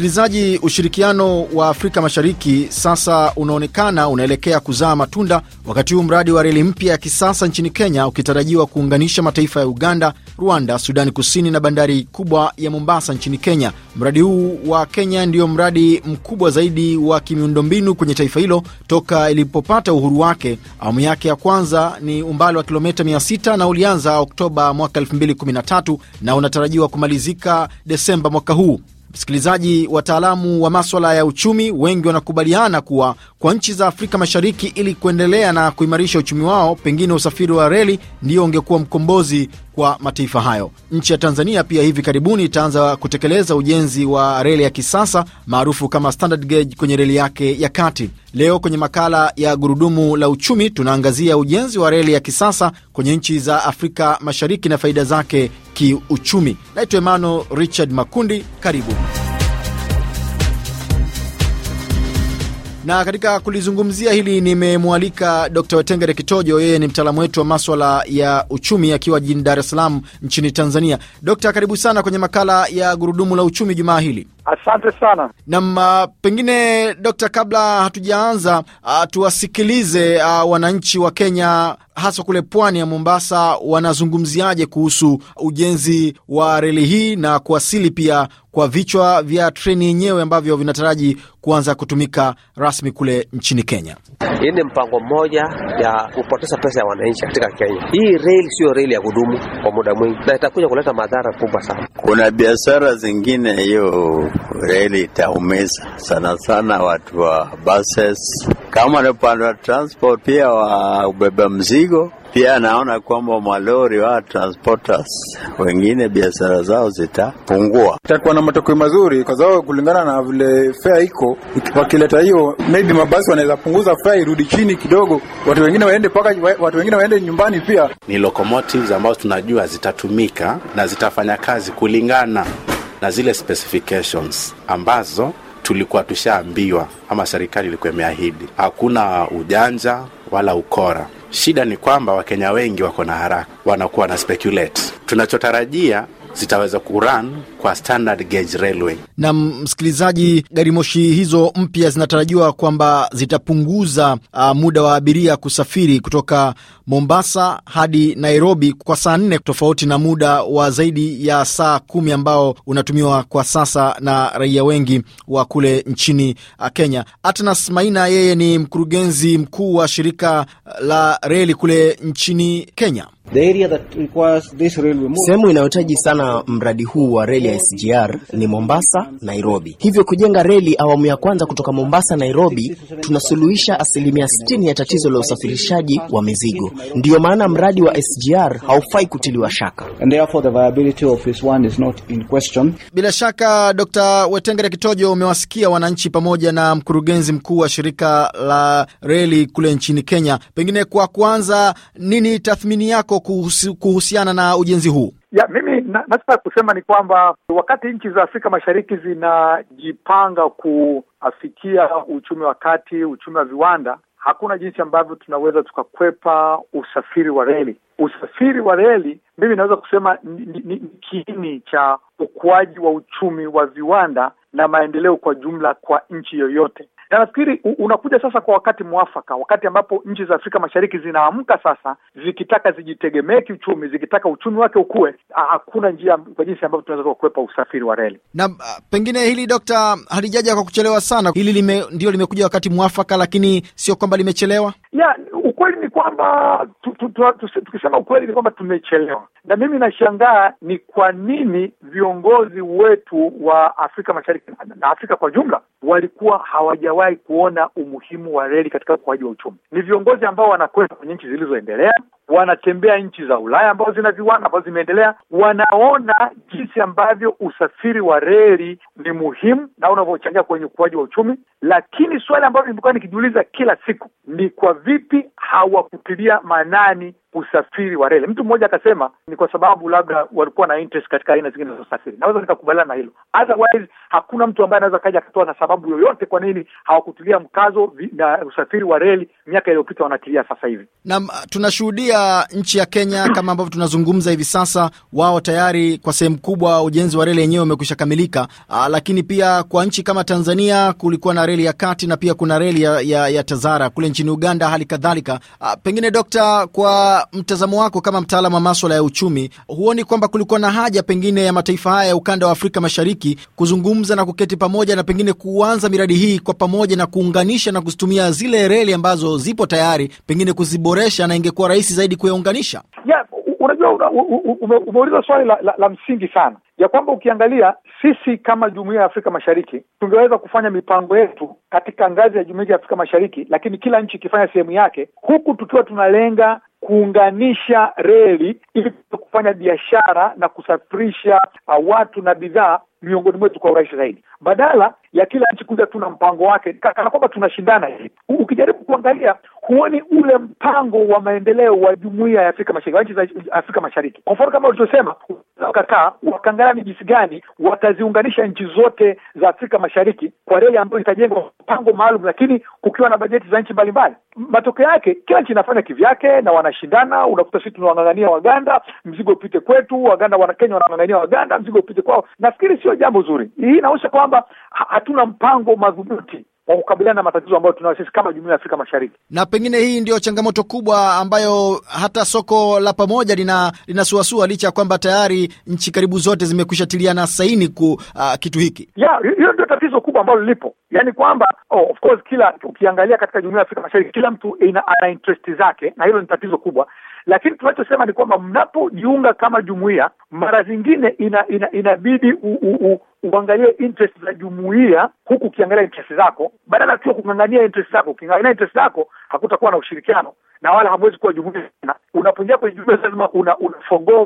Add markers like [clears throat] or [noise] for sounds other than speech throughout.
Msikilizaji, ushirikiano wa Afrika Mashariki sasa unaonekana unaelekea kuzaa matunda, wakati huu mradi wa reli mpya ya kisasa nchini Kenya ukitarajiwa kuunganisha mataifa ya Uganda, Rwanda, Sudani Kusini na bandari kubwa ya Mombasa nchini Kenya. Mradi huu wa Kenya ndio mradi mkubwa zaidi wa kimiundombinu kwenye taifa hilo toka ilipopata uhuru wake. Awamu yake ya kwanza ni umbali wa kilomita 600 na ulianza Oktoba mwaka 2013 na unatarajiwa kumalizika Desemba mwaka huu. Msikilizaji, wataalamu wa maswala ya uchumi wengi wanakubaliana kuwa kwa nchi za Afrika Mashariki ili kuendelea na kuimarisha uchumi wao, pengine usafiri wa reli ndio ungekuwa mkombozi kwa mataifa hayo. Nchi ya Tanzania pia hivi karibuni itaanza kutekeleza ujenzi wa reli ya kisasa maarufu kama standard gauge kwenye reli yake ya kati. Leo kwenye makala ya Gurudumu la Uchumi tunaangazia ujenzi wa reli ya kisasa kwenye nchi za Afrika Mashariki na faida zake kiuchumi. Naitwa Emmanuel Richard Makundi, karibu. Na katika kulizungumzia hili nimemwalika Dr Wetengere Kitojo, yeye ni mtaalamu wetu wa maswala ya uchumi akiwa jijini Dar es Salaam nchini Tanzania. dokta karibu sana kwenye makala ya gurudumu la uchumi jumaa hili. Asante sana nam. Uh, pengine Dokta, kabla hatujaanza uh, tuwasikilize uh, wananchi wa Kenya hasa kule pwani ya Mombasa wanazungumziaje kuhusu ujenzi wa reli hii na kuwasili pia kwa vichwa vya treni yenyewe ambavyo vinataraji kuanza kutumika rasmi kule nchini Kenya. Hii ni mpango mmoja ya kupoteza pesa ya wananchi katika Kenya. Hii reli siyo reli ya kudumu kwa muda mwingi, na itakuja kuleta madhara kubwa sana. Kuna biashara zingine hiyo reli itaumiza sana sana watu wa buses, kama ni upande wa transport, pia wa ubeba mzigo pia naona kwamba malori wa transporters wengine biashara zao zitapungua. Itakuwa na matokeo mazuri, kwa sababu kulingana na vile fare iko, wakileta hiyo maybe mabasi wanaweza punguza fare irudi chini kidogo, watu wengine waende paka, watu wengine waende nyumbani. Pia ni locomotives ambazo tunajua zitatumika na zitafanya kazi kulingana na zile specifications ambazo tulikuwa tushaambiwa ama serikali ilikuwa imeahidi. Hakuna ujanja wala ukora. Shida ni kwamba Wakenya wengi wako na haraka, wanakuwa na speculate. Tunachotarajia zitaweza kurun kwa standard gauge railway. Na msikilizaji, gari moshi hizo mpya zinatarajiwa kwamba zitapunguza uh, muda wa abiria kusafiri kutoka Mombasa hadi Nairobi kwa saa nne tofauti na muda wa zaidi ya saa kumi ambao unatumiwa kwa sasa na raia wengi wa kule nchini ah, Kenya. atnas Maina yeye ni mkurugenzi mkuu wa shirika ah, la reli kule nchini Kenya. Sehemu inayohitaji sana mradi huu wa reli ya SGR ni Mombasa Nairobi. Hivyo kujenga reli awamu ya kwanza kutoka Mombasa Nairobi, tunasuluhisha asilimia 60 ya tatizo la usafirishaji wa mizigo. Ndiyo maana mradi wa SGR haufai kutiliwa shaka. And therefore the viability of this one is not in question. Bila shaka Dr. Wetengere Kitojo, umewasikia wananchi pamoja na mkurugenzi mkuu wa shirika la reli kule nchini Kenya. Pengine kwa kwanza, nini tathmini yako kuhusi, kuhusiana na ujenzi huu? Ya, mimi nataka kusema ni kwamba wakati nchi za Afrika Mashariki zinajipanga kuafikia uchumi wa kati, uchumi wa viwanda, hakuna jinsi ambavyo tunaweza tukakwepa usafiri wa reli. Usafiri wa reli, mimi naweza kusema ni, ni, ni kiini cha ukuaji wa uchumi wa viwanda na maendeleo kwa jumla kwa nchi yoyote na nafikiri unakuja sasa kwa wakati mwafaka, wakati ambapo nchi za Afrika Mashariki zinaamka sasa, zikitaka zijitegemee kiuchumi, zikitaka uchumi wake ukue. Hakuna njia kwa jinsi ambavyo tunaweza kukwepa usafiri wa reli, na uh, pengine hili dokta, halijaja kwa kuchelewa sana. Hili lime, ndio limekuja wakati mwafaka, lakini sio kwamba limechelewa ya, ukweli ni kwamba tukisema ukweli ni kwamba tumechelewa, na mimi nashangaa ni kwa nini viongozi wetu wa Afrika Mashariki na Afrika kwa jumla walikuwa hawajawahi kuona umuhimu wa reli katika ukuaji wa uchumi. Ni viongozi ambao wanakwenda kwenye nchi zilizoendelea, wanatembea nchi za Ulaya ambazo zina viwanda ambazo zimeendelea, wanaona jinsi ambavyo usafiri wa reli ni muhimu na unavyochangia kwenye ukuaji wa uchumi. Lakini swali ambalo nimekuwa nikijiuliza kila siku ni kwa vipi hawakutilia maanani usafiri wa reli. Mtu mmoja akasema ni kwa sababu labda walikuwa na interest katika aina zingine za usafiri. Naweza nikakubaliana na hilo, otherwise hakuna mtu ambaye anaweza kaja akatoa na sababu yoyote kwa nini hawakutulia mkazo na usafiri wa reli miaka iliyopita, wanatilia sasa hivi. Naam, tunashuhudia nchi ya Kenya [clears throat] kama ambavyo tunazungumza hivi sasa, wao tayari kwa sehemu kubwa ujenzi wa reli yenyewe umekwisha kamilika. Aa, ah, lakini pia kwa nchi kama Tanzania kulikuwa na reli ya kati na pia kuna reli ya, ya, ya Tazara kule nchini Uganda hali kadhalika. Ah, pengine Dokta, kwa mtazamo wako kama mtaalamu wa maswala ya uchumi, huoni kwamba kulikuwa na haja pengine ya mataifa haya ya ukanda wa Afrika Mashariki kuzungumza na kuketi pamoja na pengine kuanza miradi hii kwa pamoja na kuunganisha na kuzitumia zile reli ambazo zipo tayari, pengine kuziboresha, na ingekuwa rahisi zaidi kuyaunganisha? Yeah, unajua umeuliza swali la, la, la msingi sana ya kwamba ukiangalia sisi kama jumuiya ya Afrika Mashariki tungeweza kufanya mipango yetu katika ngazi ya jumuiya ya Afrika Mashariki, lakini kila nchi ikifanya sehemu yake, huku tukiwa tunalenga kuunganisha reli ili kufanya biashara na kusafirisha ah, watu na bidhaa miongoni mwetu kwa urahisi zaidi, badala ya kila nchi kuja tu na mpango wake kana kwamba tunashindana hivi. Ukijaribu kuangalia huoni ule mpango wa maendeleo wa jumuiya ya Afrika Mashariki, wa nchi za Afrika Mashariki. Kwa mfano kama ulivyosema, wakakaa wakaangalia ni jinsi gani wataziunganisha nchi zote za Afrika Mashariki kwa reli ambayo itajengwa mpango maalum, lakini kukiwa na bajeti za nchi mbalimbali. Matokeo yake kila nchi inafanya kivyake na wanashindana. Unakuta sisi tunawang'ang'ania Waganda mzigo upite kwetu, Waganda wana Kenya wanang'ang'ania Waganda mzigo upite kwao. Nafikiri sio jambo zuri. Hii inaonyesha kwamba hatuna mpango madhubuti kwa kukabiliana na matatizo ambayo tunayo sisi kama jumuiya ya Afrika Mashariki, na pengine hii ndiyo changamoto kubwa ambayo hata soko la pamoja lina linasuasua licha ya kwamba tayari nchi karibu zote zimekwisha tiliana saini ku uh, kitu hiki. Hiyo ndio tatizo kubwa ambalo lipo, yaani kwamba oh, of course kila ukiangalia katika jumuiya ya Afrika Mashariki kila mtu ina, ana interest zake, na hilo ni tatizo kubwa, lakini tunachosema ni kwamba mnapojiunga kama jumuiya mara zingine ina, ina, inabidi u, u, u, uangalie interest za jumuiya huku ukiangalia interest zako, badala tu kung'ang'ania interest zako. Ukiangalia interest zako hakutakuwa na ushirikiano na wala hamwezi kuwa jumuiya sana. Unapoingia kwenye jumuiya lazima una,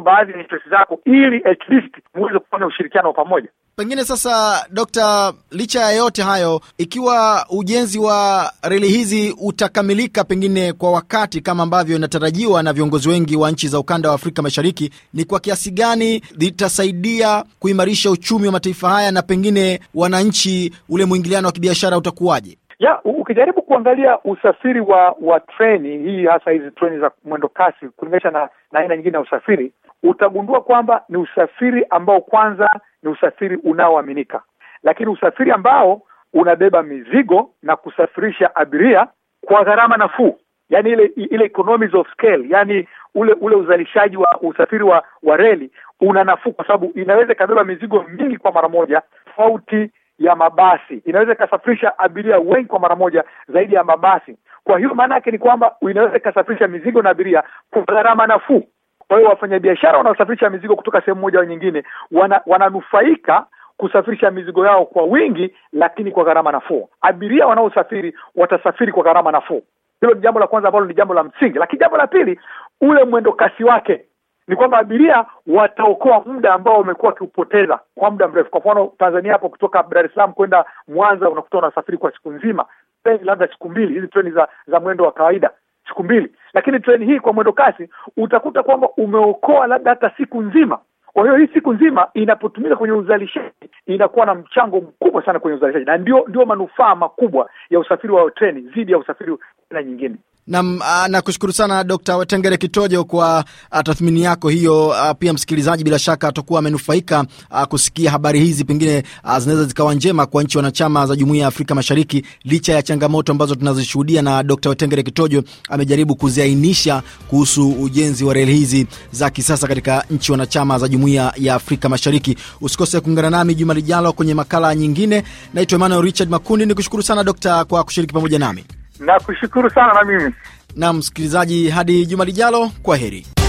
baadhi ya interest zako ili at least muweze kufanya ushirikiano wa pamoja. Pengine sasa, Dokta, licha ya yote hayo, ikiwa ujenzi wa reli hizi utakamilika pengine kwa wakati kama ambavyo inatarajiwa na viongozi wengi wa nchi za ukanda wa Afrika Mashariki, ni kwa kiasi gani gani litasaidia kuimarisha uchumi wa mataifa haya na pengine wananchi, ule mwingiliano wa kibiashara utakuwaje? Ya, ukijaribu kuangalia usafiri wa wa treni hii hasa hizi treni za mwendo kasi kulinganisha na na aina nyingine ya usafiri, utagundua kwamba ni usafiri ambao kwanza ni usafiri unaoaminika, lakini usafiri ambao unabeba mizigo na kusafirisha abiria kwa gharama nafuu yani ile ile economies of scale, yani ule ule uzalishaji wa usafiri wa, wa reli una nafuu, kwa sababu inaweza ikabeba mizigo mingi kwa mara moja, tofauti ya mabasi inaweza ikasafirisha abiria wengi kwa mara moja zaidi ya mabasi. Kwa hiyo maana yake ni kwamba inaweza ikasafirisha mizigo na abiria kwa gharama nafuu. Kwa hiyo wafanyabiashara wanaosafirisha mizigo kutoka sehemu moja au nyingine wana, wananufaika kusafirisha mizigo yao kwa wingi, lakini kwa gharama nafuu. Abiria wanaosafiri watasafiri kwa gharama nafuu. Hilo ni jambo la kwanza ambalo ni jambo la msingi, lakini jambo la pili, ule mwendo kasi wake ni kwamba abiria wataokoa muda ambao wamekuwa wakiupoteza kwa muda mrefu. Kwa mfano, Tanzania hapo kutoka Dar es Salaam kwenda Mwanza unakuta unasafiri kwa siku nzima, treni labda siku mbili, hizi treni za za mwendo wa kawaida siku mbili, lakini treni hii kwa mwendo kasi utakuta kwamba umeokoa labda hata siku nzima. Kwa hiyo hii siku nzima inapotumika kwenye uzalishaji inakuwa na mchango mkubwa sana kwenye uzalishaji, na ndio ndio manufaa makubwa ya usafiri wa treni dhidi ya usafiri kila nyingine. Nam, ah, nakushukuru sana Dkt. Wetengere Kitojo kwa ah, tathmini yako hiyo. Ah, pia msikilizaji bila shaka atakuwa amenufaika kusikia habari hizi, pengine zinaweza zikawa njema kwa nchi wanachama za Jumuiya ya Afrika Mashariki licha ya changamoto ambazo tunazishuhudia, na Dkt. Wetengere Kitojo amejaribu kuziainisha kuhusu ujenzi wa reli hizi za kisasa katika nchi wanachama za Jumuiya ya Afrika Mashariki. Usikose kuungana nami juma lijalo kwenye makala nyingine. Naitwa Emmanuel Richard Makundi, nikushukuru sana Dkt. kwa kushiriki pamoja nami. Nakushukuru sana na mimi. Na msikilizaji, hadi juma lijalo, kwa heri.